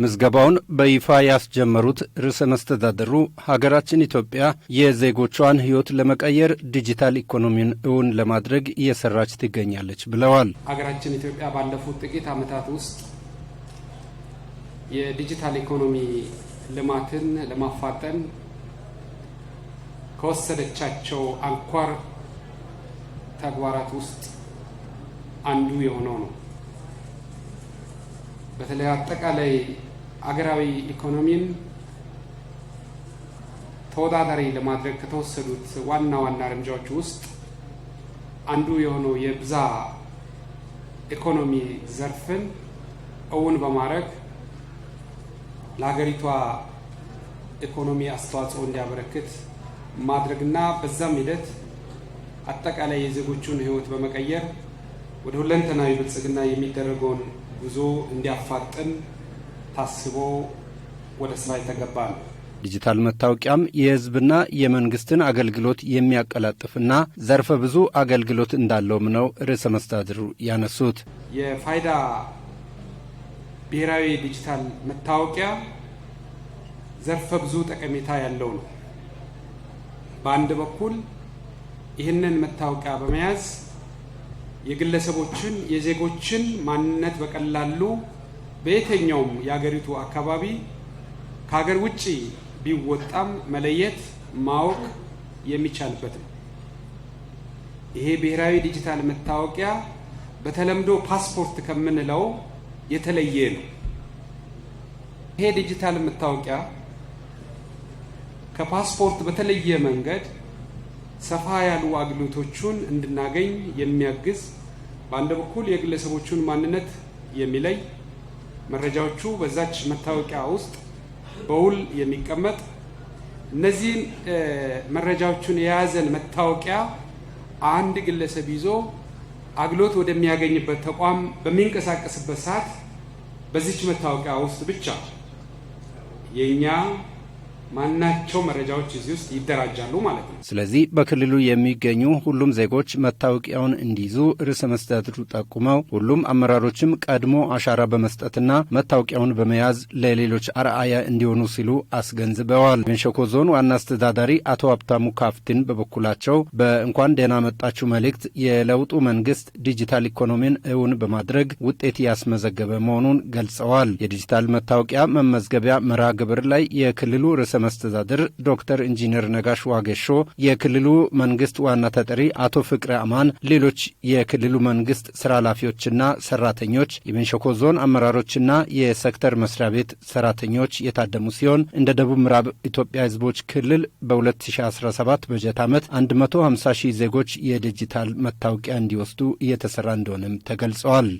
ምዝገባውን በይፋ ያስጀመሩት ርዕሰ መስተዳድሩ ሀገራችን ኢትዮጵያ የዜጎቿን ሕይወት ለመቀየር ዲጂታል ኢኮኖሚን እውን ለማድረግ እየሰራች ትገኛለች ብለዋል። ሀገራችን ኢትዮጵያ ባለፉት ጥቂት ዓመታት ውስጥ የዲጂታል ኢኮኖሚ ልማትን ለማፋጠን ከወሰደቻቸው አንኳር ተግባራት ውስጥ አንዱ የሆነው ነው። በተለይ አጠቃላይ አገራዊ ኢኮኖሚን ተወዳዳሪ ለማድረግ ከተወሰዱት ዋና ዋና እርምጃዎች ውስጥ አንዱ የሆነው የብዛ ኢኮኖሚ ዘርፍን እውን በማድረግ ለሀገሪቷ ኢኮኖሚ አስተዋጽኦ እንዲያበረክት ማድረግና በዛም ሂደት አጠቃላይ የዜጎቹን ሕይወት በመቀየር ወደ ሁለንተናዊ ብልጽግና የሚደረገውን ጉዞ እንዲያፋጥን ታስቦ ወደ ስራ የተገባ ነው። ዲጂታል መታወቂያም የሕዝብና የመንግስትን አገልግሎት የሚያቀላጥፍና ዘርፈ ብዙ አገልግሎት እንዳለውም ነው ርዕሰ መስተዳድሩ ያነሱት። የፋይዳ ብሔራዊ ዲጂታል መታወቂያ ዘርፈ ብዙ ጠቀሜታ ያለው ነው። በአንድ በኩል ይህንን መታወቂያ በመያዝ የግለሰቦችን የዜጎችን ማንነት በቀላሉ በየትኛውም የአገሪቱ አካባቢ ከሀገር ውጭ ቢወጣም መለየት ማወቅ የሚቻልበት ነው። ይሄ ብሔራዊ ዲጂታል መታወቂያ በተለምዶ ፓስፖርት ከምንለው የተለየ ነው። ይሄ ዲጂታል መታወቂያ ከፓስፖርት በተለየ መንገድ ሰፋ ያሉ አገልግሎቶቹን እንድናገኝ የሚያግዝ በአንድ በኩል የግለሰቦቹን ማንነት የሚለይ መረጃዎቹ በዛች መታወቂያ ውስጥ በውል የሚቀመጥ እነዚህን መረጃዎቹን የያዘን መታወቂያ አንድ ግለሰብ ይዞ አግሎት ወደሚያገኝበት ተቋም በሚንቀሳቀስበት ሰዓት በዚች መታወቂያ ውስጥ ብቻ የእኛ ማናቸው መረጃዎች እዚህ ውስጥ ይደራጃሉ ማለት ነው። ስለዚህ በክልሉ የሚገኙ ሁሉም ዜጎች መታወቂያውን እንዲይዙ ርዕሰ መስተዳድሩ ጠቁመው ሁሉም አመራሮችም ቀድሞ አሻራ በመስጠትና መታወቂያውን በመያዝ ለሌሎች አርአያ እንዲሆኑ ሲሉ አስገንዝበዋል። የሸኮ ዞን ዋና አስተዳዳሪ አቶ ሀብታሙ ካፍትን በበኩላቸው በእንኳን ደህና መጣችሁ መልእክት የለውጡ መንግስት ዲጂታል ኢኮኖሚን እውን በማድረግ ውጤት ያስመዘገበ መሆኑን ገልጸዋል። የዲጂታል መታወቂያ መመዝገቢያ መርሃ ግብር ላይ የክልሉ ርዕሰ መስተዳድር ዶክተር ኢንጂነር ነጋሽ ዋጌሾ፣ የክልሉ መንግስት ዋና ተጠሪ አቶ ፍቅረ አማን፣ ሌሎች የክልሉ መንግስት ስራ ኃላፊዎችና ሰራተኞች፣ የመንሸኮ ዞን አመራሮችና የሴክተር መስሪያ ቤት ሰራተኞች የታደሙ ሲሆን እንደ ደቡብ ምዕራብ ኢትዮጵያ ህዝቦች ክልል በ2017 በጀት ዓመት 150 ሺህ ዜጎች የዲጂታል መታወቂያ እንዲወስዱ እየተሰራ እንደሆነም ተገልጸዋል።